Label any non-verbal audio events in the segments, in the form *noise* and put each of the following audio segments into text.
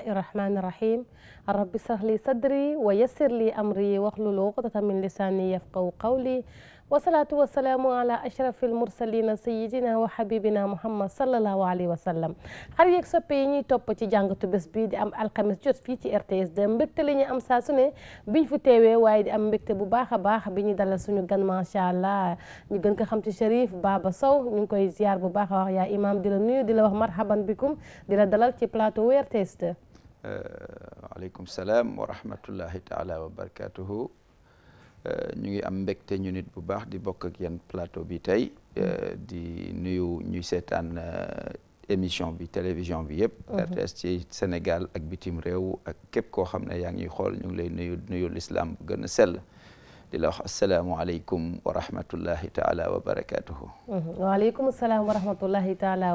li bismillahi rahmani rahim rabbi shrah li sadri wa yassir li amri wahlul uqdatan min lisani yafqahu qawli wasalaatu wasalaamu wa ashrafi almursalina sayidina wa habibina muhammad salallahu alayhi wa sallam xar yeeg soppe yi ñuy topp ci jàngatu bés bii di am alxames jot fii ci RTS 2 mbégte li ñu am saa su ne biñ fi teewee waaye di am mbégte bu baax a baax bi ñu dalal suñu gan macha allah ñu gën ko xam ci Cherif Baba saw ñu ngi koy ziar bu baax a wax yaa imam di la nuyu di la wax marhaban bikum di la dalal ci plateau RTS 2 Euh, waaleykum salaam wa rahmatullahi taala euh, ñu ngi am mbégte ñu nit bu baax di bokk ak yéen plateau bi tey euh, di nuyu ñuy seetaan émission bi télévision bi yëpp mhm. RTS ci Sénégal ak bitim réew ak képp koo xam ne yaa ngi xool ñu ngi lay nuyu nuyu lislaam bu gën a sell di la wax asalaamualeykum wa rahmatullahi taala wa barakatuhu mhm. salaam wa rahmatullahi taala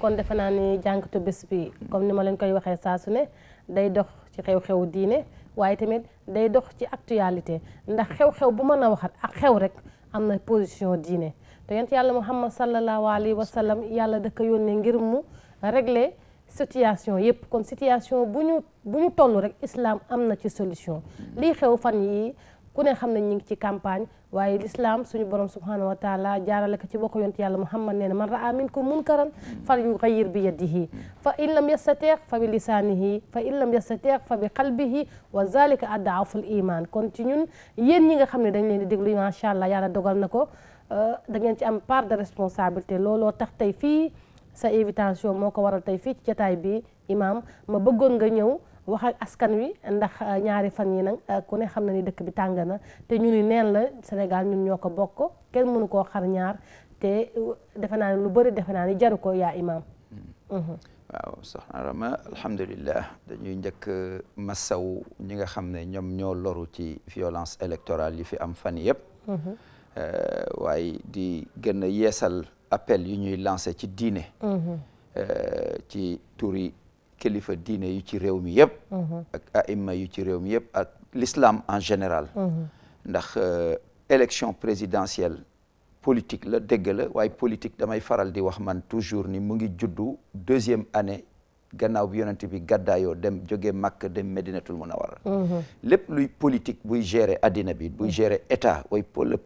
kon defe naa ni jànkatu bés bi comme ni ma leen koy waxee saa su ne day dox ci xew-xew diine waaye tamit day dox ci actualité ndax xew-xew bu mën a waxat ak xew rek am na position diine te yent yàlla muhammad sallallahu alayhi wa sallam yàlla da ko yónnee ngir mu régler situation yëpp kon situation bu ñu bu toll rek islam am na ci solution lii xew fan yi ku ne xam nañ ñu ngi ci campagne waaye lislaam suñu borom subhanahu wa taala jaarale ko ci bokk yonent yàlla muhammad nee na man raa minkum munkaran fal yuxayir bi yadihi fa in lam yastateex fa bi lisaanihi fa in lam yastateex fa bi qalbihi wa zalika addaaful iman kon ci ñun yéen ñi nga xam ne dañ leen di déglu macha allah yàlla dogal na ko euh, da ngeen ci am part de responsabilité looloo tax tey fii sa invitation moo ko waral tey fii ci jataay bi imam ma bëggoon nga ñëw wax askan wi ndax euh, ñaari fan yi nag euh, ku ne xam na ni dëkk bi tàng na te ñu ni neen la Sénégal ñun ñoo ko bokk kenn mënu koo xar ñaar te euh, defe naa ne lu bëri defe naa ni jaru ko yaa imaam. Hmm. Mhm. waaw soxna dañuy njëkk masaw ñi nga xam ne ñoom ñoo loru ci violence électorale yi fi am fan yëpp. Mhm. waaye di gën a yeesal appel yu ñuy lancé ci diine. Mhm. ci turi kilifa diine yu ci réew mi yëpp mhm. ak aima yu ci réew mi yëpp ak l'islam en général mhm. ndax euh, élection présidentielle politique la dégg la waaye politique damay faral di wax man toujours ni mu ngi juddu deuxième année gannaaw bi yonent bi gàddaayoo dem jógee Makka dem Medinatul Munawwara mhm. lépp luy politique buy gérer addina bi buy gérer état way la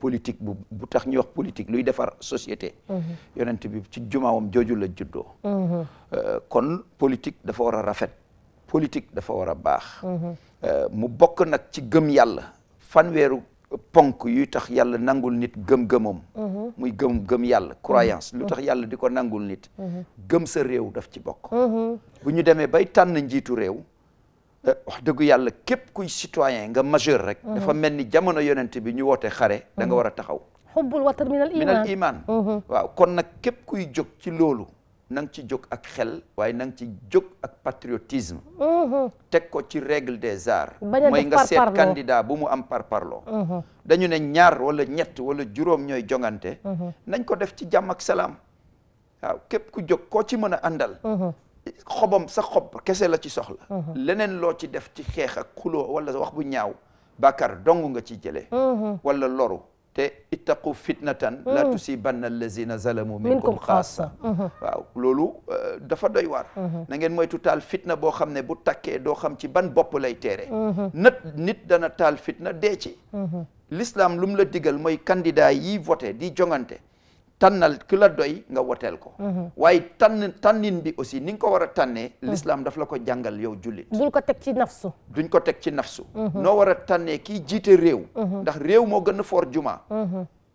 bu bu tax ñuy wax politique luy defar société mhm. yonent bi ci jumaawam jooju la juddoo mhm. euh, kon politique dafa war a rafet politique dafa war baax euh, mu bokk nag ci gëm yàlla fanweeru ponk yuy tax yàlla nangul nit gëm-gëmam mhm. muy gëm gëm yàlla croyance mhm. lu tax yàlla di ko nangul nit mhm. gëm sa réew daf ci bokk bu ñu demee bay tànn njiitu réew eh, wax dëgg yàlla képp kuy citoyen nga majeur rek dafa mel ni jamono yonent bi ñu woote xare danga nga war a taxaw xubbul watar kon nag képp kuy jóg ci loolu na nga ci jóg ak xel waaye na ci jog ak patriotisme teg ko ci règle des arts mooy nga seet candidat bu mu am parparloo dañu ne ñaar wala ñett wala juróom ñooy jongante nañ ko def ci jàmm ak salaam waaw ku jóg koo ci mën a àndal xobam sa xob kese la ci soxla leneen loo ci def ci xeex ak kuloo wala wax bu ñaaw bàkkaar dong nga ci jëlee wala loru te ittaqu fitnatan hmm. la tusibanna allazina zalamu minkum xaasa waaw loolu euh, dafa doy waar hmm. na ngeen moytu taal fitna boo xam ne bu takkee doo xam ci ban bopp lay teere hmm. nat nit dana taal fitna dee ci l'islam lu la digal mooy candidat yi voté di jongante tànnal ku la doy nga woteel ko. Mhm. waaye tànn bi aussi ni nga ko war a tànnee. Mhm. l'islam daf la ko jàngal yow jullit. duñ ko teg ci nafsu. duñ ko teg ci nafsu. Mhm. noo a tànnee kii jiite réew. ndax réew moo gën a foor juma.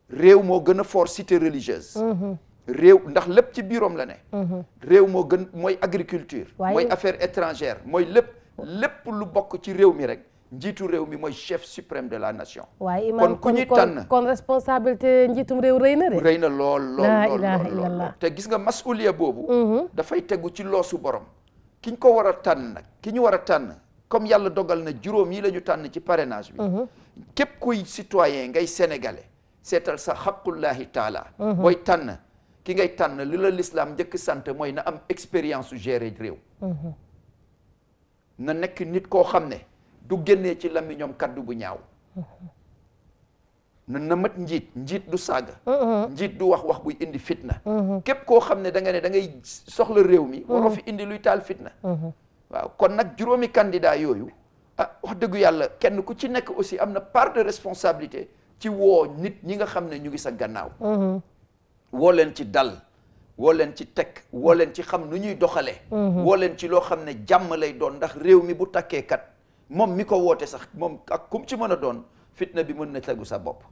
réew moo gën a foor cité religieuse. réew ndax lépp ci biiroom la ne. réew moo gën mooy agriculture. mooy affaire étrangère mooy lépp lépp lu bokk ci réew mi rek. njiitu réew mi mooy chef suprême de la nation. waaye imaam kon ku ñuy tànn kon responsabilité njiitum réew rëy na rëy na lool te gis nga masuliya boobu. Mhm. dafay tegu ci loosu borom. ki ñu ko war a tànn nag ki ñu war a tànn comme yàlla dogal na juróom yi la ñu tànn ci parrainage mhm. képp kuy citoyen ngay sénégalais seetal sa xaqullahi mhm. tànn ki ngay tànn li la l'islam njëkk sant mooy na am expérience su gérer réew. na nekk nit koo xam ne. du génnee ci làmmiñoom kaddu bu ñaaw na na mat njiit njiit du saaga mm-hmm. njiit du wax wax buy indi fitna mm-hmm. képp koo xam ne danga ne da soxla réew mi waroo mm-hmm. fi indi luy taal fitna waaw kon nag juróomi candidat yooyu ah wax dëggu yàlla kenn ku ci nekk aussi am na part de responsabilité ci woo nit ñi nga xam ne ñu ngi sa gannaaw woo leen ci dal woo leen ci tek woo leen ci xam nu ñuy doxalee woo leen ci loo xam ne jàmm lay doon ndax réew mi bu takkee kat moom mi ko woote sax moom ak kum ci mën a doon fitna bi mën na tegu sa bopp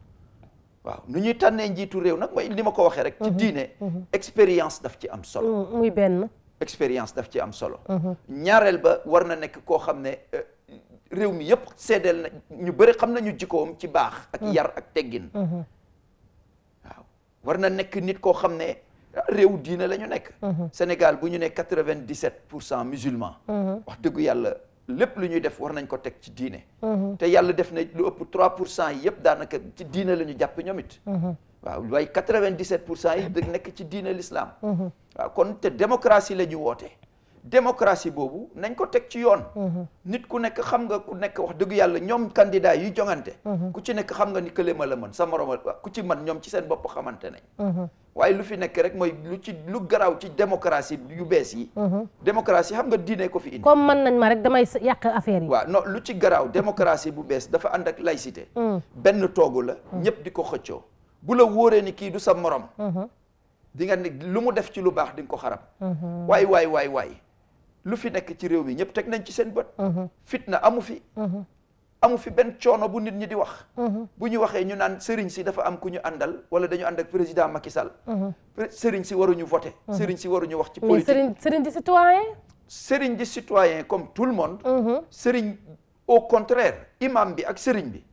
waaw nu ñuy tànnee njiitu réew nag mooy li ma ko waxee rek. ci mhm. diine mhm. expérience daf ci am solo. Mm, muy benn. daf ci am solo. Mhm. ñaareel ba war na nekk koo xam ne euh, réew mi yëpp seedeel na ñu bari xam nañu jikkoom ci baax. ak mm. yar ak teggin. waaw war na nekk nit koo xam ne. Ah, réew diine la nekk. Sénégal bu ñu ne quatre-vingt-dix-sept pour cent musulmans. wax dëggu yàlla lépp lu ñuy def war nañ ko teg ci diine. Mhm. te yàlla def na lu ëpp 3 pour cent yëpp daanaka ci diine la jàpp ñoom mhm. waaw waaye 97 pour cent yi da nekk ci diine l'islam. Mhm. waaw kon te démocratie la ñu woote. démocratie boobu nañ ko teg ci yoon. nit ku nekk xam nga ku nekk wax dëgg yàlla ñoom candidat yi jongante. ku ci nekk xam nga ni kële la mën sa morom ku ci man ñoom ci seen bopp xamante waaye lu fi nekk rek mooy lu ci lu garaaw ci démocratie yu bees yi. Mhm. démocratie xam nga diine ko fi indi. comme mën nañ ma rek damay yàq affaire yi. waaw non lu ci garaaw démocratie bu bees dafa ànd ak laïcité. Mm. benn toogu la. Mm. ñëpp di ko xëccoo. bu la wóoree ni kii du sa morom. Mm-hmm. di nga ne lu mu def ci lu baax di nga ko xarab. Mm-hmm. waay waay waay waay lu fi nekk ci réew mi ñëpp teg nañ ci seen bët. Mm-hmm. fitna amu fi. amu fi benn coono bu nit ñi di wax. Mhm. bu ñu waxee ñu naan sëriñ si dafa am ku ñu àndal wala dañu ànd ak président Macky Sall. Mhm. sëriñ si waruñu voté. Mhm. sëriñ si waruñu wax ci politique mais sëriñ sëriñ di citoyen. sëriñ di citoyen comme tout le monde. sëriñ au contraire imam bi ak sëriñ bi.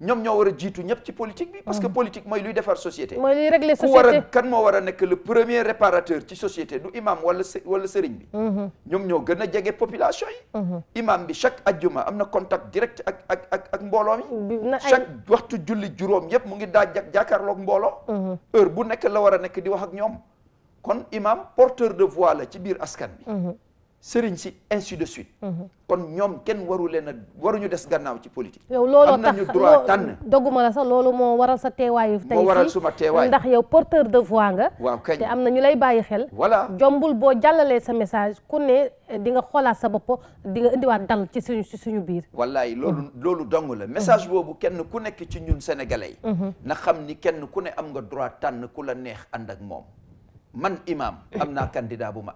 ñoom ñoo war a jiitu ñëpp ci politique bi. parce que ah. politique mooy luy defar société. mooy luy régler société ku war a kan moo war a nekk le premier réparateur ci société du imam wala wala sëriñ bi. Mhm. ñoom ñoo gën a jege population yi. Mhm. imam bi chaque ajjuma am na contact direct ak ak ak ak mbooloo mi. chaque waxtu julli juróom yëpp mu ngi daa jak jàkkaarloog mbooloo. Mhm. heure bu nekk la war a nekk di wax ak ñoom kon imam porteur de voix la ci biir askan bi. sëriñ si ainsi de suite. Mhm. kon ñoom kenn waru leen a waruñu des gannaaw ci politique. yow looloo tax am nañu droit tànn. dogguma la sax loolu moo waral sa teewaayu. tey moo waral suma teewaay ndax yow porteur de voix nga. waaw kañ te am na ñu lay bàyyi xel. voilà jombul boo jàllalee sa message ku ne eh, di nga xoolaat sa bopp di nga indiwaat dal ci suñu ci suñu biir. wallaay loolu mhm. loolu dong la message boobu kenn ku nekk ci ñun sénégalais yi. Mhm. na xam ni kenn ku ne am nga droit tànn ku la neex ànd ak moom man imam am naa *laughs* candidat bu ma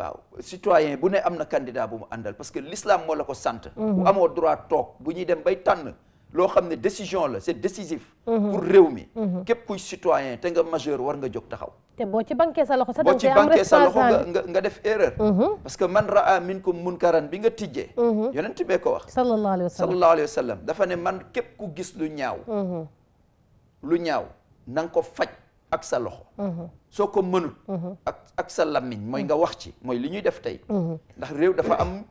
waaw citoyen bu ne am na candidat bu mu àndal parce que l'islam moo la ko sant mhm. bu amoo droit toog bu ñuy dem bay tànn loo xam ne décision la c'est décisif mhm. pour réew mi mhm. képp kuy citoyen te nga majeur war nga jóg taxaw te boo ci banqué sa loxo sa loxo nga nga def erreur parce que man raa minkum munkaran bi nga tijjee yonent bee ko wax sallallahu alayhi wa sallam dafa ne man képp ku gis lu ñaaw lu ñaaw na ko faj ak sa loxo mhm. soo ko mënul mhm. ak ak sa lamiñ mooy mhm. nga wax ci mooy li ñuy def tey ndax réew dafa am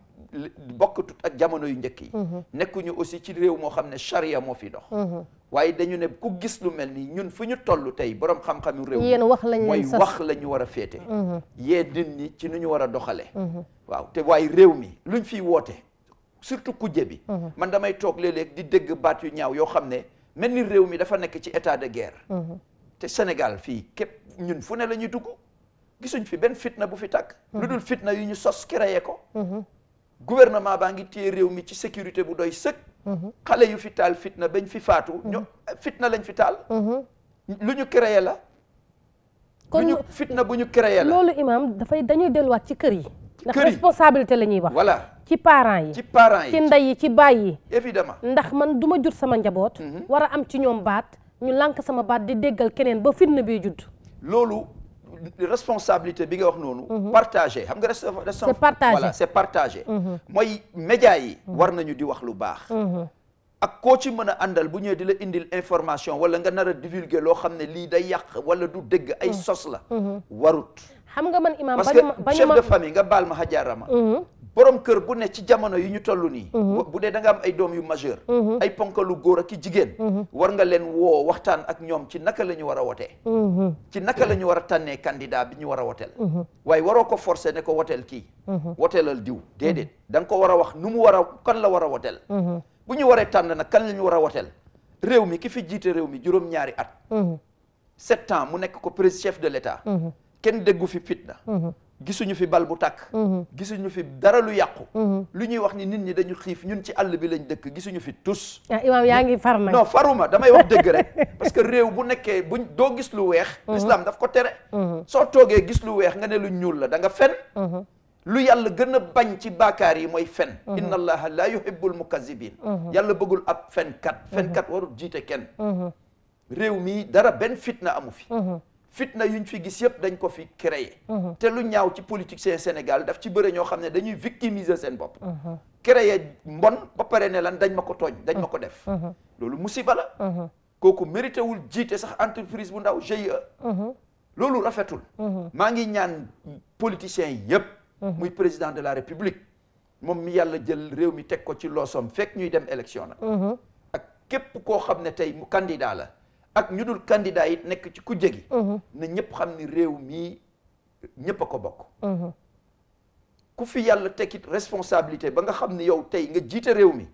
bokkatut ak jamono yu njëkk yi nekkuñu aussi ci réew moo xam ne charia moo fi dox waaye dañu ne ku gis lu mel nii ñun fu ñu toll tey borom xam-xamu réew yéen wax lañ mooy wax lañu war a féete yee nit ñi ci nu ñu war a doxale waaw te waaye réew mi luñ fi woote surtout kujje bi man damay toog léeg-léeg di dëgg baat yu ñaaw yoo xam ne mel ni réew mi dafa nekk ci état de guerre te Sénégal fii képp ñun fu ne la ñuy dugg gisuñ fi benn fitna bu fi takk lu dul fitna yu ñu sos créé ko mhm. gouvernement baa ngi téye réew mi ci sécurité bu doy sëkk mhm. xale yu fi taal fitna bañ fi faatu mhm. ñu fitna lañ fi lu ñu créé la kon ñu fitna bu ñu créé la loolu imam dafay dañuy delluwaat ci kër yi ndax responsabilité la ñuy wax voilà ci parent yi ci parents yi ci ndey yi ci baay yi évidemment ndax man du ma jur sama njaboot war a am ci ñoom baat ñu lànk sama baat di déggal keneen ba fitna bi judd. loolu responsabilité bi nga wax noonu. Mhm. partagé xam nga responsabilité. c'est partagé voilà mhm. c'est mooy média yi. Mhm. war nañu di wax lu baax. ak koo ci mën andal bu ñëwee di la indil information wala nga nar a divulguer loo xam ne lii day yàq wala du dëgg ay sos la. warut. xam nga man imam bañu ma parce que chef de famille nga baal ma xajaarama. borom kër bu ne ci jamono yi ñu toll nii. Mhm. bu dee da nga am ay doom yu majeur. Mhm. ay ponkalu góor ak i jigéen. Mhm. war leen woo waxtaan ak ñoom ci naka la ñu war a wotee. ci naka la ñu war a tànnee candidat bi ñu war a woteel. waaye waroo ko forcer ne ko woteel kii. woteelal diw déedéet da nga ko war a wax nu mu war a kan la war a woteel. bu ñu waree tànn na kan la ñu war a woteel réew mi ki fi jiite réew mi juróom-ñaari at. sept mu nekk ko président chef de l' gisuñu fi bal bu tàkk mhm. gisuñu fi dara lu yàqu mhm. lu ñuy wax ni nit ñi dañu xiif ñun ci àll bi lañ dëkk gisuñu fi tus ah, imaam yaa ngi far nag non faruma damay wax dëgg rek *laughs* parce que réew bu nekkee buñ doo gis lu weex mhm. l'islam daf ko tere soo toogee gis lu weex nga ne lu ñuul la danga nga fen lu yàlla gën a bañ ci baakaar yi mooy fen inna allaha la yuhibbul mukazibin yàlla bëggul ab fenkat fenkat warul jiite kenn réew mi dara benn fitna amu fi fitna yuñ fi gis yëpp dañ ko fi créer mhm. te lu ñaaw ci politique see Sénégal daf ci bëre ñoo xam ne dañuy victimiser seen bopp mhm. créer mbon ba pare ne lan dañ ma ko tooñ dañ ma ko def mhm. loolu musiba la kooku mérité wul jiite sax entreprise bu ndaw GIE loolu rafetul maa ngi ñaan politiciens yëpp muy président de la république moom mi yàlla jël réew mi teg ko ci loosom fekk ñuy dem élection nag ak képp koo xam ne tey mu candidat la ak ñu dul candidat yi nekk ci kujje gi mhm. na ñëpp xam ni réew mi ñëpp ko bokk mhm. ku fi yàlla tekkit responsabilité ba nga xam ni yow tey nga jiite réew mi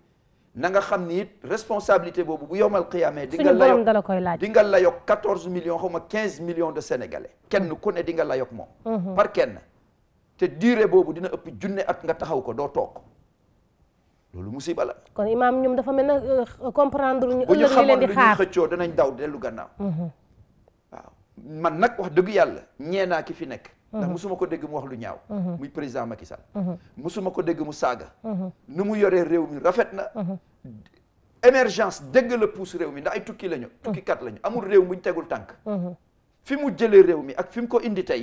na nga xam ni it responsabilité boobu bu yomal xiyaamee di nga layoog dala koy laaj di nga layoog quatorze millions xaw ma quinze millions de sénégalais kenn ku ne di nga layoog moom mhm. par kenn te durée boobu dina ëpp junne ak nga taxaw ko doo toog loolu musiba la. kon imaam ñoom dafa mel ne euh, comprendre ñu. ëllëg li leen di xaar bu ñu xamoon lu ñuy xëccoo danañ daw dellu gannaaw. Mhm. waaw man nag wax dëgg yàlla ñee naa ki fi nekk. ndax mhm. musuma ko dégg mu wax lu mhm. saaga. nu mu yoree réew mi rafet na. émergence dégg la puus réew mi ndax ay tukki lañu. tukki kat lañu amul réew mu ñu tegul tànk. fi mu jëlee réew mi ak fi mu ko indi tey.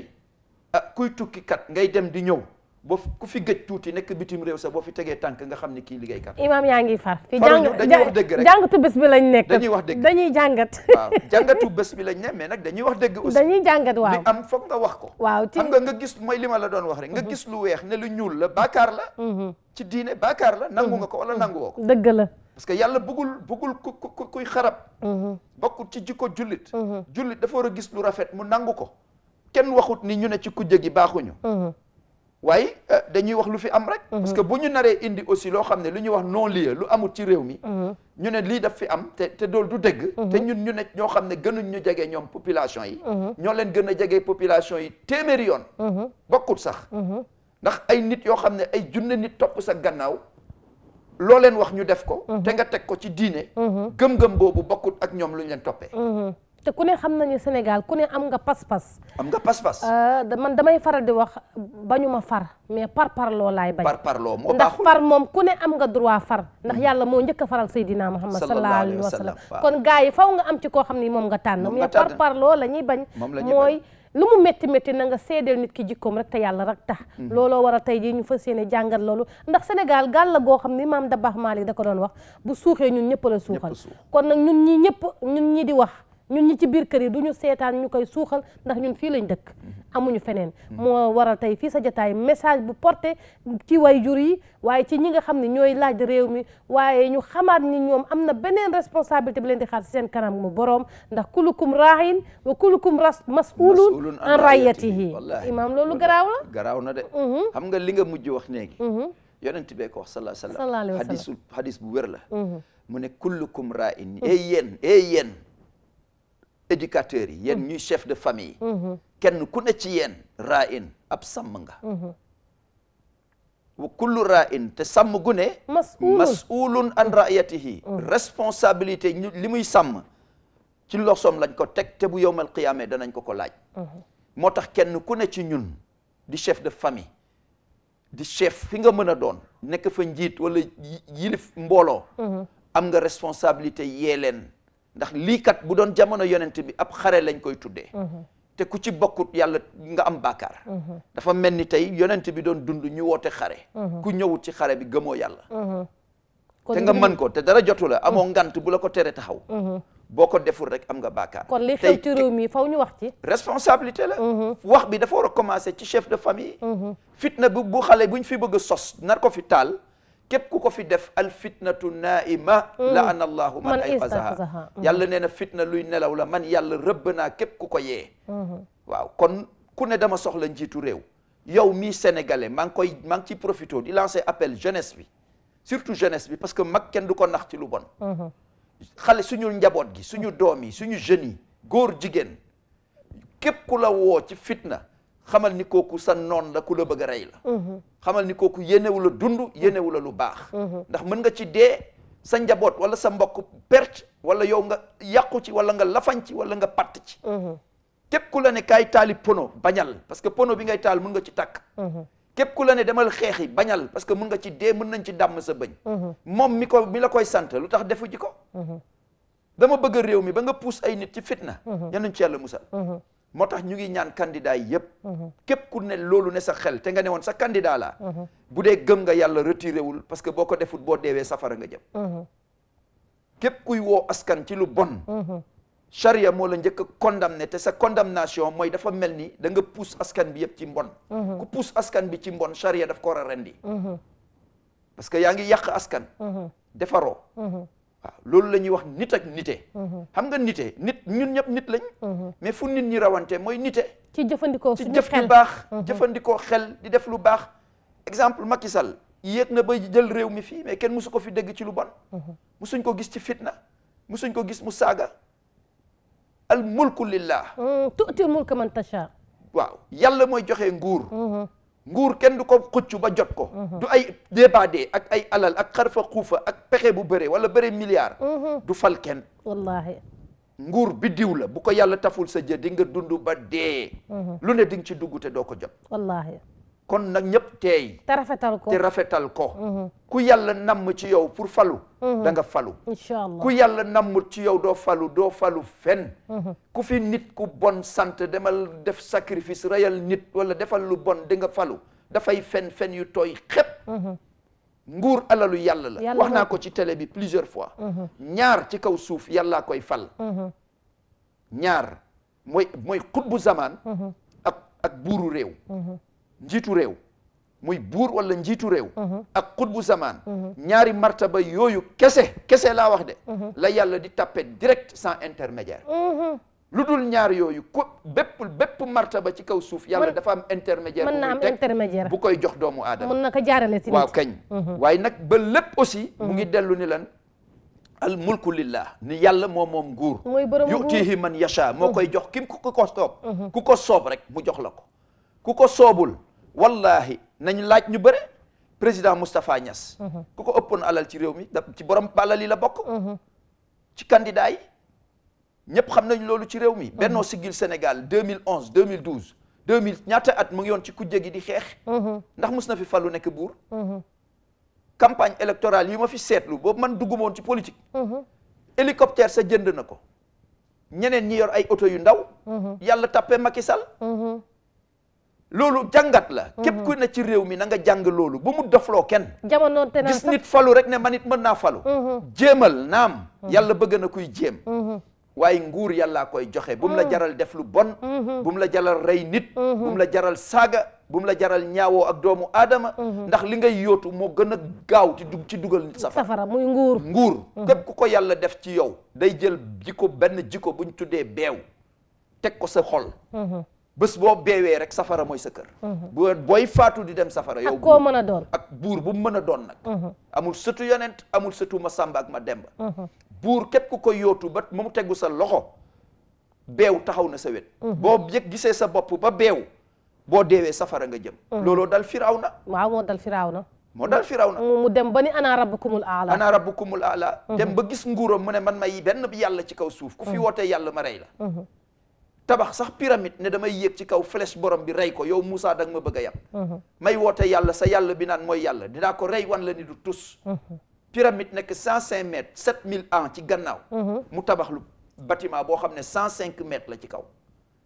ah kuy tukki kat ngay dem di ñëw. boo ku fi gëj tuuti nekk bitim réew sax boo fi tegee tànk nga xam ne kii liggéeykat imaam yaa ngi far fi jàng dañuy wax dëgg rek jàngatu bés lañ wax dëgg dañuy jàngat *laughs* waaw jàngatu bés bi lañ ne mais nag dañuy wax dëgg aussi dañuy jàngat waaw li am foog nga wax ko waaw xam nga nga gis mooy li ma la doon wax rek nga mhm. gis lu weex ne lu ñuul la baakaar la mhm. ci diine baakaar la nangu mhm. nga ko wala nangu woo ko dëgg la parce que yàlla bëggul bëggul ku kuy xarab bokkul ci jikko jullit jullit dafa war a gis lu rafet mu nangu ko kenn waxut ni ñu ne ci kujje gi baaxuñu waaye euh, dañuy wax lu fi am rek. Mhm. parce que bu ñu naree indi aussi loo xam ne lu ñuy wax non lieu lu amul ci réew mi. Mhm. ñu ne lii daf fi am te te dool du dëgg. Mhm. te ñun ñu ne ñoo xam ne gënuñ ñu jege ñoom population yi. ñoo leen gën a jege population yi téeméeri yoon. bokkut sax. ndax ay nit yoo xam ne ay junne nit topp sa gannaaw. loo leen wax ñu def ko. te nga teg ko ci diine. gëm-gëm boobu bokkut ak ñoom lu ñu leen toppee. te ku ne xam nañu Sénégal ku ne am nga pas-pas. am nga euh, man damay faral di wax bañu ma far mais par parloo laay bañ. par parloo ndax far moom ku ne am nga droit far. ndax mm-hmm. yàlla moo njëkk a faral Seydina Muhammad sallallahu alayhi wa sallam kon gars yi faw nga am ci koo xam ni moom nga tànn. mais par parloo la ñuy bañ. mooy lu mu métti métti na nga seedeel nit ki jikkoom rek te yàlla rek tax. Mm-hmm. looloo war a tey jii ñu fas yéene jàngat loolu ndax Sénégal gàll la goo xam ni maam Dabax Malick da ko doon wax bu suuxee ñun ñëpp la suuxal kon nag ñun ñi ñëpp ñun ñi di wax ñun ñi ci biir kër yi du ñu seetaan ñu koy suuxal ndax ñun fii lañ dëkk amuñu feneen mm-hmm. moo waral tey fii sa jotaay message bu porté ci way jur yi waaye ci ñi nga xam ne ñooy laaj réew mi waaye ñu xamaat ni ñoom am na beneen responsabilité bi leen di xaar si seen kanam mu boroom ndax kulukum raahin wa kulukum ras mas'ulun an rayyatihi imaam loolu garaaw la garaaw na de mm-hmm. xam nga li nga mujj wax léegi mm-hmm. yonent bee ko wax sallallahu alayhi wa bu wér la mu ne kullukum raain ee yéen ee éducateurs yi yéen mm. ñuy chef de famille mm-hmm. kenn ku ne ci yenn raa ab sàmm nga mm-hmm. wa kullu raa te sàmm gu ne an raayatihi mm-hmm. responsabilité li muy sàmm ci loxoom lañ ko teg te bu yowmal qiyaamee danañ ko ko laaj moo tax kenn ku ne ci ñun di chef de famille di chef fi nga mën a doon nekk fa njiit wala yilif mbooloo am nga responsabilité yee ndax lii kat bu doon jamono yonent bi ab xare lañ koy tuddee mhm. te ku ci bokkut yàlla nga am bàkkaar mhm. dafa mel ni tey yonent bi doon dund ñu woote xare mhm. ku ñëwut ci xare bi gëmoo yàlla te nga man ko te dara jotu la amoo ngant bu la ko tere taxaw boo ko deful rek am nga bàkkaar kon li xew ci réew mi faw ñu wax responsabilité la wax bi dafa war a commencer ci chef de famille fitna bu bu xale buñ fi bëgg a sos nar ko fi taal képp ku ko fi def al fitnatu naima mm. laana allahu man ayqazaha mm-hmm. yàlla nee na fitna luy nelaw la man yàlla rëbb naa képp ku ko yee mm-hmm. waaw kon ku ne dama soxla njiitu réew yow mii sénégalais maa ngi koy man ngi ciy profité di appel jeunesse bi surtout jeunesse bi parce que mag kenn du ko nax ci lu bon mm-hmm. xale suñu njaboot gi suñu doom yi suñu jeunes yi góor jigéen képp ku la woo ci fitna xamal ni kooku sa noon la ku la bëgg a rey la mhm. xamal ni kooku yéenewu la dund yéenewu la lu baax mhm. ndax mën nga ci dee sa njaboot wala sa mbokk perte wala yow nga yàqu ci wala nga lafañ ci wala nga patt ci mhm. képp ku la ne kaay taali pono bañal parce que pono bi ngay taal mën nga ci takk képp ku la ne demal xeexi bañal parce que mun nga ci dee mën nañ ci dàmm sa bëñ moom mi ko mi la koy sant lu tax defu ji ko dama bëgg réew mi ba nga puus ay nit ci fitna yal nañ ci moo tax ñu ngi ñaan candidat yi yëpp mhm. képp ku ne loolu ne sa xel te nga ne woon sa candidat la mhm. bu dee gëm nga yàlla retiré wul parce que boo ko defut boo deewee safara nga jëm mhm. képp kuy woo askan ci lu bon charia moo la njëkk a te sa condamnation mooy dafa mel ni da nga pousse askan bi yëpp ci mbon ku pousse askan bi ci mbon charia daf ko war a parce que yaa ngi yàq askan defaroo waaw loolu la ñuy wax nit ak nite. Mhm. xam nga nite nit ñun ñëpp nit lañ. Mhm. mais fu nit ñi rawante mooy nite. ci jëfandikoo suñu xel lu baax. Mhm. jëfandikoo xel di def lu baax. exemple Macky Sall yéeg na ba jël réew mi fii mais kenn musu ko fi dégg ci lu bon. musuñ ko gis ci fitna musuñ ko gis mu saaga. al mulku lillah. tuutil mulka man tasha. waaw yàlla mooy joxe nguur. nguur kenn du ko xëccu ba jot ko mhm. du ay débaade ak ay alal ak xarfa kuufa ak pexe bu bëre wala bëre milliard mhm. du fal kenn wallaahi nguur bi diw la bu ko yàlla taful sa jë di nga dund ba dee mhm. lu ne di nga ci dugg te doo ko jot wallaahi kon na ñëpp teey te rafetal ko rafetal ko. Mhm. ku yàlla namm ci yow pour falu. Mhm. da nga falu. ku yàlla nammut ci yow doo falu doo falu fen mhm. ku fi nit ku bon sant demal def sacrifice reyal nit wala defal lu bon di falu dafay fen fen yu tooy xëpp. nguur alalu yàlla la. wax naa ko ci tele bi plusieurs fois. ñaar ci kaw suuf yàllaa koy fal. ñaar mooy mooy xutbu zamaan. ak buuru réew. njiitu réew muy buur wala njiitu réew mhm. ak xutbu zamaan mhm. ñaari martaba yooyu kese kese la wax de mhm. la yàlla di tapé direct sans intermédiaire lu dul ñaar yooyu ku bépp bépp martaba ci kaw suuf yàlla dafa am intermédiaire mën na am intermédiaire bu koy jox doomu aadama na ko jaarale si waaw kañ waaye nag ba lépp aussi mu ngi dellu ni lan al lillah ni yàlla moom moom nguur yutihi man yasha moo koy jox kim ku ko soob ku ko soob rek mu jox la ko ku ko soobul wallahi nañ laaj ñu bëre président Moustapha Niass. Mhm. ku ko ëppoon alal ci réew mi da ci borom alal yi la bokk. Mhm. ci candidat yi ñëpp xam nañ loolu ci réew mi. Mhm. Bennoo Siggil Sénégal 2011 2012 2000 ñaata at mu ngi yoon ci kujje gi di xeex. ndax mus na fi fallu nekk buur. campagne électorale yi ma fi seetlu boobu man duggumoon ci politique. hélicoptère sa jënd na ko. ñeneen ñi yor ay oto yu ndaw. yàlla tappee Macky Sall. loolu jàngat la. Mm-hmm. képp ku ne ci réew mi na nga jàng loolu ba mu dofloo kenn. jamono te gis nit falu rek ne man it mën naa falu. Mm-hmm. jéemal naam. Mm-hmm. yàlla bëgg na kuy jéem. waaye nguur yàllaa koy joxe. bu mu la jaral def lu bon. bu mu la jaral rey nit. bu mu la jaral saaga. bu mu la jaral ñaawoo ak doomu aadama. ndax li ngay yóotu moo gën a gaaw ci dug ci dugal nit safara. safara muy nguur nguur. képp ku ko yàlla def ci yow. day jël jikko benn jikko buñ tuddee beew teg ko sa xol. bés boo beewee rek safara mooy sa kër. Mhm. boo booy faatu di dem safara. yow ak koo mën a doon ak buur bu mu mën a doon nag. Mhm. amul sëtu yonent amul sëtu ma sàmba ak ma demba. Mhm. buur képp ku ko yootu ba mu tegu sa loxo beew taxaw na sa wet. boo yëg gisee sa bopp ba beew boo deewee safara nga jëm. looloo dal firaw na. waaw moo dal firaw na. moo dal firaw na mu dem ba ni ana rabbukumul aala ana rabbukumul aala dem ba gis nguuram mu ne man may benn yàlla ci kaw suuf ku yàlla ma la. tabax sax pyramide ne damay yéeg ci kaw flèche borom bi rey ko yow Moussa da nga ma bëgg a yab mhm. may woote yàlla sa yàlla bi naan mooy yàlla dinaa ko rey wan la ni du tus mhm. pyramide nekk cent cinq mètres sept mille ans ci gannaaw mhm. mu tabax lu bâtiment boo xam ne cent cinq mètres la ci kaw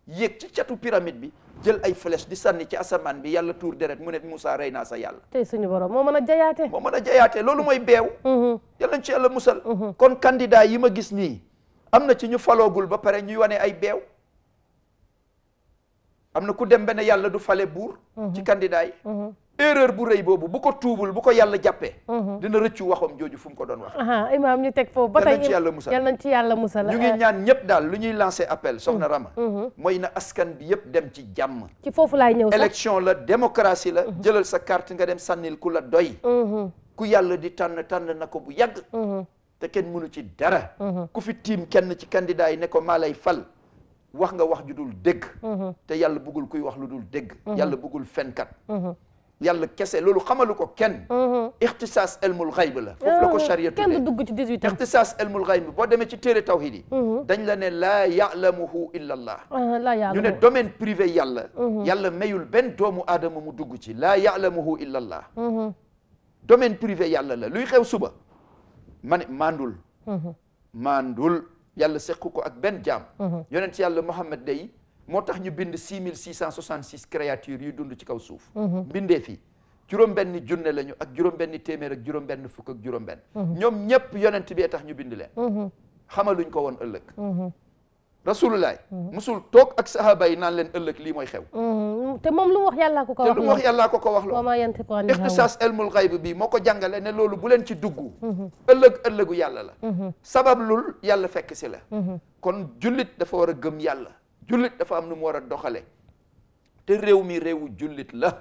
yéeg ci catu pyramide bi jël ay flèche di sànni ci asamaan bi yàlla tuur deret mu ne Moussa rey naa sa yàlla tey suñu borom moo mën a jayaate moo mën loolu mooy beew yàlla ci yàlla musal kon candidat yi ma gis nii am na ci ñu faloogul ba pare ñuy wane ay beew am na ku dem ba yàlla du fale buur mhm. ci candidat yi mhm. erreur bu rëy boobu bu ko tuubul bu ko yàlla jàppee mhm. dina rëccu waxam jooju fu mu ko doon wax imaam ñu teg foofu ba tey ci yàlla musal yal nañ ci yàlla musal ñu ngi ñaan ñëpp daal lu ñuy lancé mooy na askan bi yëpp dem ci jàmm ci foofu laay ñëw sax élection la démocratie la jëlal sa kart nga dem sànnil ku la doy ku yàlla di tànn tànn na ko bu yàgg te kenn mënu ci dara ku fi tiim kenn ci candidat yi ne ko maa lay fal wax nga wax ju dul dégg mhm. te yàlla bëggul kuy wax lu dul dégg mhm. yàlla bëggul fenkat mhm. yàlla kese loolu xamalu ko kenn ixtisaas elmul xayb la foofu la ko charia ah, kenn du dugg ci 18 ans ixtisaas elmul xayb boo demee ci téere tawhid yi dañ la ne laa yalamuhu illa allah ah, ñu ne domaine privé yàlla yàlla mayul benn mu dugg ci laa yalamuhu illa allah domaine privé yàlla la luy xew suba ma ne maandul maandul yàlla seq ko ak benn jaam mhm. yonent yàlla Muhammad day moo tax ñu bind six mille six cent soixante six créatures yi dund ci kaw suuf mhm. mbindee fi juróom-benni junne lañu ak juróom-benni téeméer ak juróom-benn fukk ak juróom-benn mhm. ñoom ñëpp yonent bi tax ñu bind leen xamaluñ ko woon ëllëg rasulullah musul toog ak sahaba yi naan leen ëllëg lii mooy xew te moom lu mu wax yàllaa ko ko wax lu mu yàllaa ko ko wax loolu ixtisaas elmul xayb bi moo ko jàngale ne loolu bu leen ci dugg mm-hmm. ëllëg ëllëgu yàlla la mm-hmm. sabab lul yàlla fekk si la mm-hmm. kon jullit dafa war a gëm yàlla jullit dafa am nu mu war a doxale te réew mi réew jullit la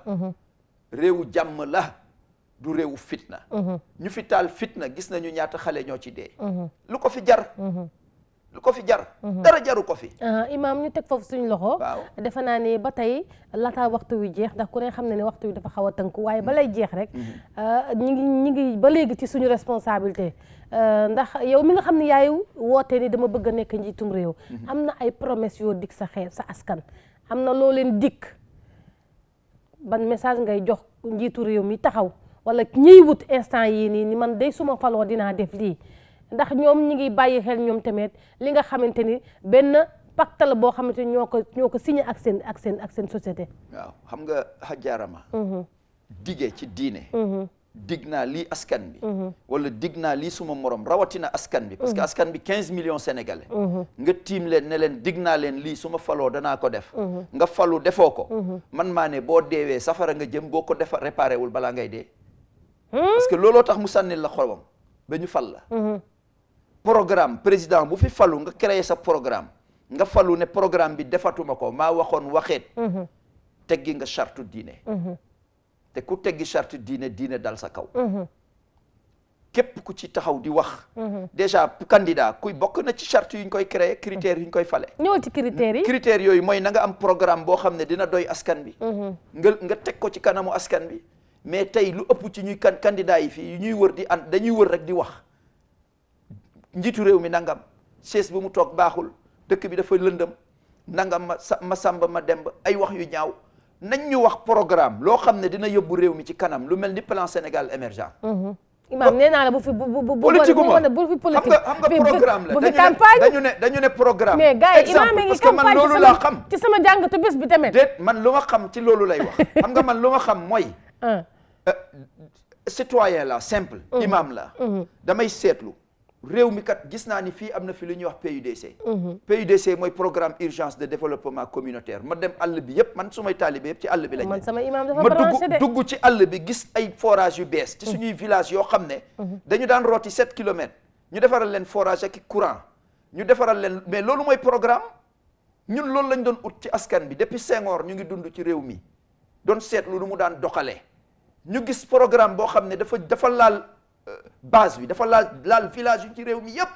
réewu jàmm la du réewu fitna ñu fi taal fitna gis nañu ñaata xale ñoo ci dee lu ko fi jar lu ko fi jar mhm. dara jaru ko fi ah, imaam ñu teg foofu suñu loxo defe naa ni ba tey laataa waxtu wi jeex ndax ku ne xam ne ne waxtu wi dafa xaw a tënku waaye ba lay jeex rek mhm. ah, ñi ngi ñi ngi ba léegi ci suñu responsabilité ah, ndax yow mi nga xam ne yaay woote ni dama bëgg a nekk njiitum réew mhm. am na ay promesse yoo dig sa xeet sa askan am na loo leen dikk ban message ngay jox njiitu réew mi taxaw wala ñiy wut instant yii nii ni man day suma faloo dinaa def lii ndax ñoom ñi ngi bàyyi xel ñoom tamit li nga xamante ni benn pacte boo xamante ni ñoo ko ñoo ko signé ak seen ak seen ak seen société. waaw xam nga xajaarama. Mhm. digee ci diine. Mhm. dig naa lii askan bi. Mhm. wala dig naa lii suma morom rawatina askan bi. parce que askan bi 15 millions sénégalais. nga tiim leen ne leen dig naa leen lii suma faloo danaa ko def. nga falu defoo ko. man maa ne boo deewee safara nga jëm boo ko defa réparé wul balaa ngay dee. Hmm? parce que looloo tax mu sànni la xorobam ba ñu fal la. programme président bu fi falu nga créer sa programme nga falu ne programme bi defatuma ko maa waxoon waxeet mhm. teggi nga charte diine mhm. te ku teggi charte diine diine dal sa kaw mhm. képp ku ci taxaw di wax déjà candidat kuy bokk na ci charte yu ñu koy créer critères yu ñu koy fale ñëw ci critères yi critères yooyu mooy na am programme boo xam ne dina doy askan bi nga nga teg ko ci kanamu askan bi mais tey lu ëpp ci ñuy kan candidat yi fii ñuy wër di ànd dañuy wër rek di wax njiitu réew mi nangam chaise bi mu toog baaxul dëkk bi dafa lëndëm nangam ma ma sàmba ma demb ay wax yu ñaaw nañ ñu wax programme loo xam ne dina yóbbu réew mi ci kanam lu mel ni plan Sénégal émergent imaam nee naa la bu fi bu bu bu politique bu fi politique xam nga programme la bu fi campagne dañu ne dañu ne programme. mais gars yi imaam ngi campagne ci sama ci sama jàngatu bi tamit. déet man lu ma xam ci loolu lay wax xam nga man lu ma xam mooy. citoyen la simple. imaam la. damay seetlu. réew mi kat gis naa ni fii am na fi lu ñuy wax PUDC. Mhm. PUDC mooy programme urgence de développement communautaire ma dem àll bi yëpp man su may taalibe yëpp ci àll bi lañ. man sama imam dafa branché de ma dugg ci àll bi gis ay forage yu bees. ci mhm. suñuy village yoo xam ne. Mhm. dañu daan rooti 7 kilomètres. ñu defaral leen forage ak courant ñu defaral leen mais loolu mooy programme ñun loolu lañ doon ut ci askan bi depuis Senghor ñu ngi dund ci réew mi doon seetlu lu mu daan doxalee ñu gis programme boo xam ne dafa dafa laal. base bi dafa laal laal village yu ci réew mi yépp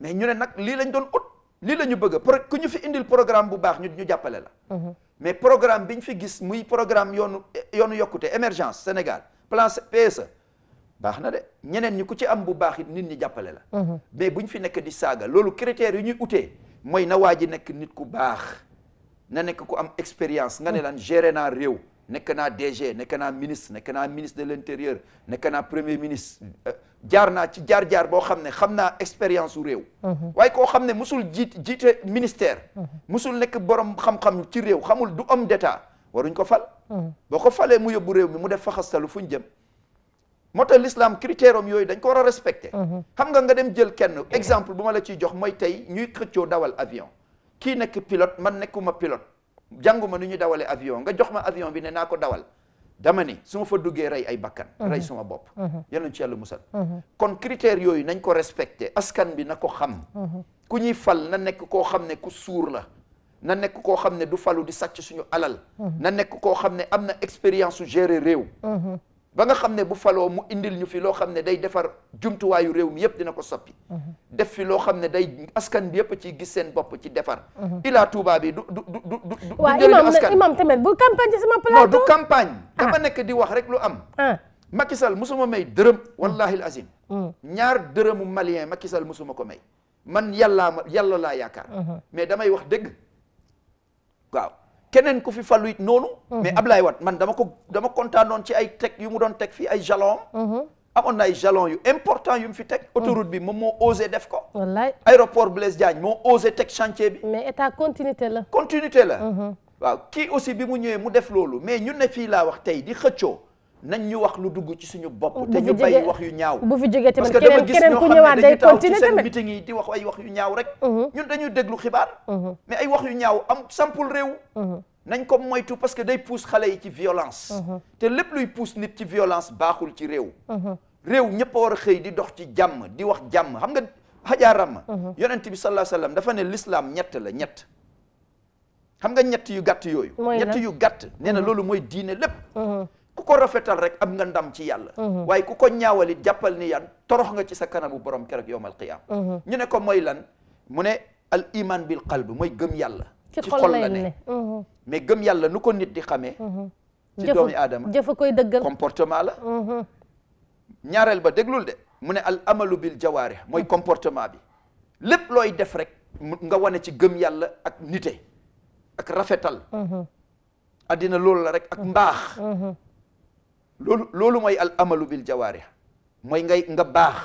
mais ñu ne nag lii lañ doon ut lii la ñu bëgg pro ku ñu fi indil programme bu baax ñu ñu jàppale la mhm. mais programme bi ñu fi gis muy programme yoonu yoonu yokkute émergence Sénégal plan PSE baax na de ñeneen ñi ku ci am bu baax it nit ñi jàppale la mhm. mais bu ñu fi nekk di saaga loolu critères yu ñuy utee mooy na waa ji nekk nit ku baax na nekk ku am expérience nga ne lan géré naa réew nekk naa DG nekk naa ministre nekk naa ministre de l'intérieur nekk naa premier ministre euh, jaar naa ci jaar jaar boo xam ne xam naa expérience wu réew. Mhm. waaye koo xam ne musul jiit jiite ministère. Mhm. musul nekk borom xam-xam ci réew xamul du homme d'état waruñ ko fal. Mhm. boo ko falee mu yóbbu réew mi mu def faxastalu fu ñu jëm. moo l'islam critère am yooyu dañ ko war a respecté. xam nga nga dem jël kenn exemple bu ma la ciy jox mooy tey ñuy xëccoo dawal avion. kii nekk pilote man nekkuma pilote. jànguma nu ñu dawale avion nga jox ma avion bi ne naa ko dawal dama ni su ma fa duggee rey ay bakkan mhm. rey suma bopp mhm. yal nañ ci yàlla musal mhm. kon critères yooyu nañ ko respecté askan bi na ko xam ku ñuy fal na nekk koo xam ne ku suur la na nekk koo xam ne du falu di sàcc suñu alal na nekk koo xam ne am na expérience su gérer réew ba nga xam ne bu faloo mu indil ñu fi loo xam ne day defar jumtuwaayu réew mi yëpp dina ko soppi mm-hmm. def fi loo xam ne day askan bi yëpp ci gis bopp ci defar mm-hmm. ilaa Touba bi du du du du du njëriñu askan imam tamit bu campagne ci sama plateau non du campagne ah. dama nekk di wax rek lu am ah. makisal Sall musuma may dërëm wallahi al azim mm. Mm. ñaar dërëmu malien makisal Sall musuma ko may man yàllaa ma yàlla laa yaakaar mm-hmm. mais damay wax dëgg keneen ku fi fallu it noonu. Mhm. mais Ablaye wat man dama ko dama kontaanoon ci ay teg yu mu doon teg fii ay jalon. Mhm. amoon na ay jalon yu important yu mu fi teg. Mhm. autoroute bi ma moo osé def ko. wallaay aéroport Blaise Diagne moo osé teg chantier bi. mais état continuité la. continuité la. waaw kii aussi bi mu ñëwee mu def loolu mais ñun ne fii laa wax tey di xëccoo. nañ ñu wax lu dugg ci suñu bopp. te ñu bàyyi wax yu ñaaw. bu fi jógee tamit keneen keneen ku ñëwaat day continuer tamit parce que dama gis ñoo xam wax yu ñaaw rek. Mhm. ñun dañuy mhm. mhm. nañ ko moytu parce que day pousse xale yi ci violence. te lépp luy pousse nit ci violence ci réew. réew ñëpp war a xëy di dox ci jàmm di wax jàmm xam nga xajaaram. yonent bi sallallahu alayhi wa sallam dafa ne l'islam ñett la ñett. xam nga ñett yu gàtt yooyu. ñett yu gàtt nee na loolu mooy diine lépp ku ko rafetal rek am nga ndam ci yàlla mhm. waaye ku ko ñaawalit jàppal ni yan torox nga ci sa kanamu borom keroog yowmal qiyaam mhm. ñu ne ko mooy lan mu ne al iman bil qalb mooy gëm yàlla ci xol la ne mhm. mais gëm yàlla nu ko nit di xamee ci doomi aadama comportement la ñaareel ba déglul de mu ne al amalu bil jawaarih mooy comportement bi lépp looy def rek nga wane ci gëm yàlla ak nite ak rafetal addina loolu la rek ak mbaax loolu loolu mooy al amalu bil jawaarih mooy ngay nga baax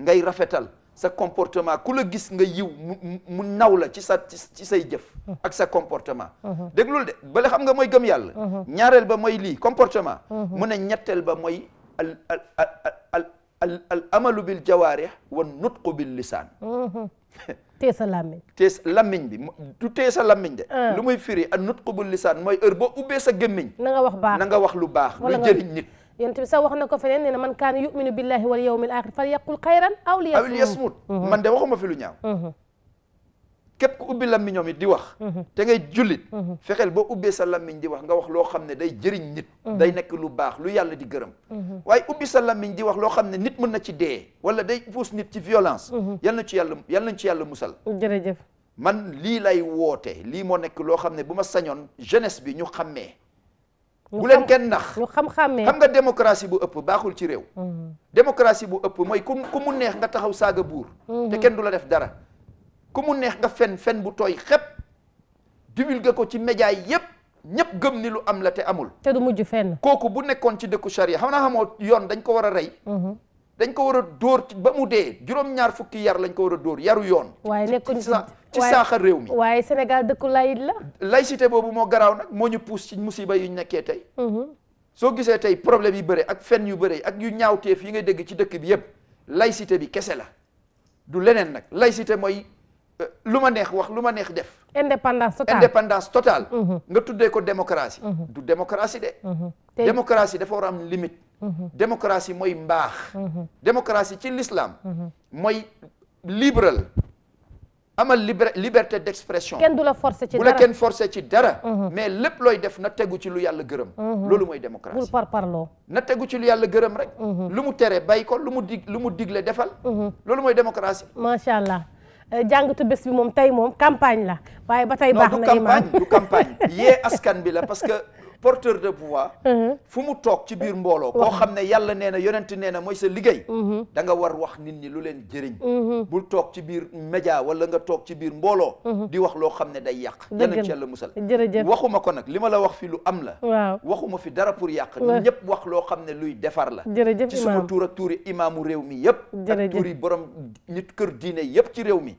ngay rafetal sa comportement ku la gis nga yiw mu mu naw la ci sa ci say jëf ak sa comportement uh-huh. déglul de bale xam nga mooy gëm yàlla uh-huh. ñaareel ba mooy lii comportement uh-huh. mu ne ñetteel ba mooy al al al al amalu bil jawaarih wa nutqu bil lisaan *laughs* tee a làmmiñ tee bi du tee a làmmiñ de uh. lu muy firi a nutqu lisaan mooy heure boo ubbee sa gémmiñ na wax lu baax lu jëriñ nit yonent bi sax wax na ko feneen nee na man kaana yuminu billahi wal yawmil axir fal yaqul li yasmut mm-hmm. mm-hmm. man de waxuma fi lu ñaaw mm-hmm. képp ku ubbi lammiñoom it di wax te ngay jullit fexeel boo ubbee sa lammiñ di wax nga wax loo xam ne day jëriñ nit day nekk lu baax lu yàlla di gërëm waaye sa lammiñ di wax loo xam ne nit mën na ci dee wala day puus nit ci violence yal na ci yàlla yal nañ ci yàlla musal jërëjëf man lii lay woote lii moo nekk loo xam ne bu ma sañoon jeunesse bi ñu xammee bu leen kenn nax ñu xam-xàmmee xam nga démocratie bu ëpp baaxul ci réew mm-hmm. démocratie bu ëpp mooy ku ku mu neex nga taxaw saaga buur mm-hmm. te kenn du la def dara ku mu neex nga fen fen bu tooy xëpp ga ko ci média yi yépp ñëpp gëm ni lu am la te amul te mujj fenn kooku bu nekkoon ci dëkku charia xam naa xamoo yoon dañ ko war a rey mm-hmm. dañ ko war a dóor ba mu dee juróom-ñaar fukki yar lañ ko war a dóor yaru yoon. waaye nekkuñu ci ci saaxa réew mi. waaye Sénégal dëkku layit la. laïcité boobu moo garaaw nag moo ñu pousse ci musiba yu ñu nekkee tey. Mhm. soo gisee tey problème yi bëre ak fen yu bëre ak yu ñaawteef yi nga dégg ci dëkk bi yépp laïcité bi kese la du leneen nag laïcité mooy euh, lu ma neex wax lu ma neex def. indépendance totale indépendance totale. Mhm. nga tuddee ko démocratie. Mhm. du démocratie de. démocratie dafa war a am limite. Mm-hmm. démocratie mooy mbaax. Mm-hmm. démocratie ci l'islam mm-hmm. mooy libéral. amal liberté d'expression. kenn du la forcer ci dara bu la kenn forcer ci dara. mais lépp looy def na tegu ci lu yàlla gërëm. loolu mooy démocratie bul par parloo. na tegu ci lu yàlla gërëm rek. lu mu tere bay ko lu mu dig lu mu digle defal. loolu mooy démocratie. macha allah eh, jàngatu bés bi moom tey moom campagne la waaye ba tey baax na. non du du campagne *laughs* yee askan bi la parce que. porteur de pouvoir uh-huh. fu mu toog ci biir mbooloo koo xam ne yàlla nee na yonent nee na mooy sa liggéey uh-huh. danga war wax nit ñi lu leen jëriñ uh-huh. bul toog ci biir média wala nga toog ci biir mbooloo di wax loo xam ne day yàq yanañ ci yàlla musal jërëjëf waxuma ko nag li ma la wax fi lu am la waaw waxuma fi dara pour yàq ñëpp wax loo xam ne luy defar la jërëjëf ci suma tuur ak tuuri imaamu réew mi yëpp ak tuuri borom nit kër diine yëpp ci réew mi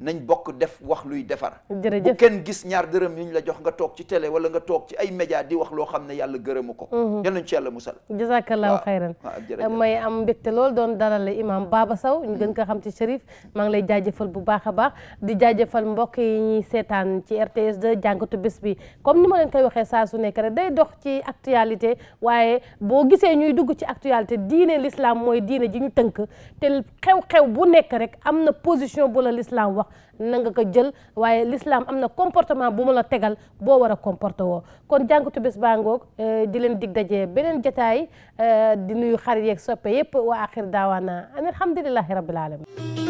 nañ bokk def wax luy defar bu kenn gis ñaar dërëm yuñ la jox nga toog ci télé wala nga toog ci ay média di wax loo xam ne yàlla gërëmu ko mhm. yal nañ ci yàlla musal jazakallahu xayran may am mbégte doon dalale imam Baba Sow ñu gën ko xam ci Chérif maa ngi lay jaajëfal bu baax a baax di jaajëfal mbokk yi ñuy seetaan ci RTS da jàngatu bés bi comme ni ma leen koy waxee saa su nekk rek day dox ci actualité waaye boo gisee ñuy dugg ci actualité diine l'islam mooy diine ji ñu tënk te xew-xew bu nekk rek am na position bu la l'islam wax na nga ko jël waaye lislaam am na comportement bu mu la tegal boo war a comporté woo kon jàngatu bés baa ngoog euh, di leen dig dajee beneen jotaay euh, di nuyu xarit yeeg soppe yëpp waa axir daawaana an alhamdulilahi rabbil alamin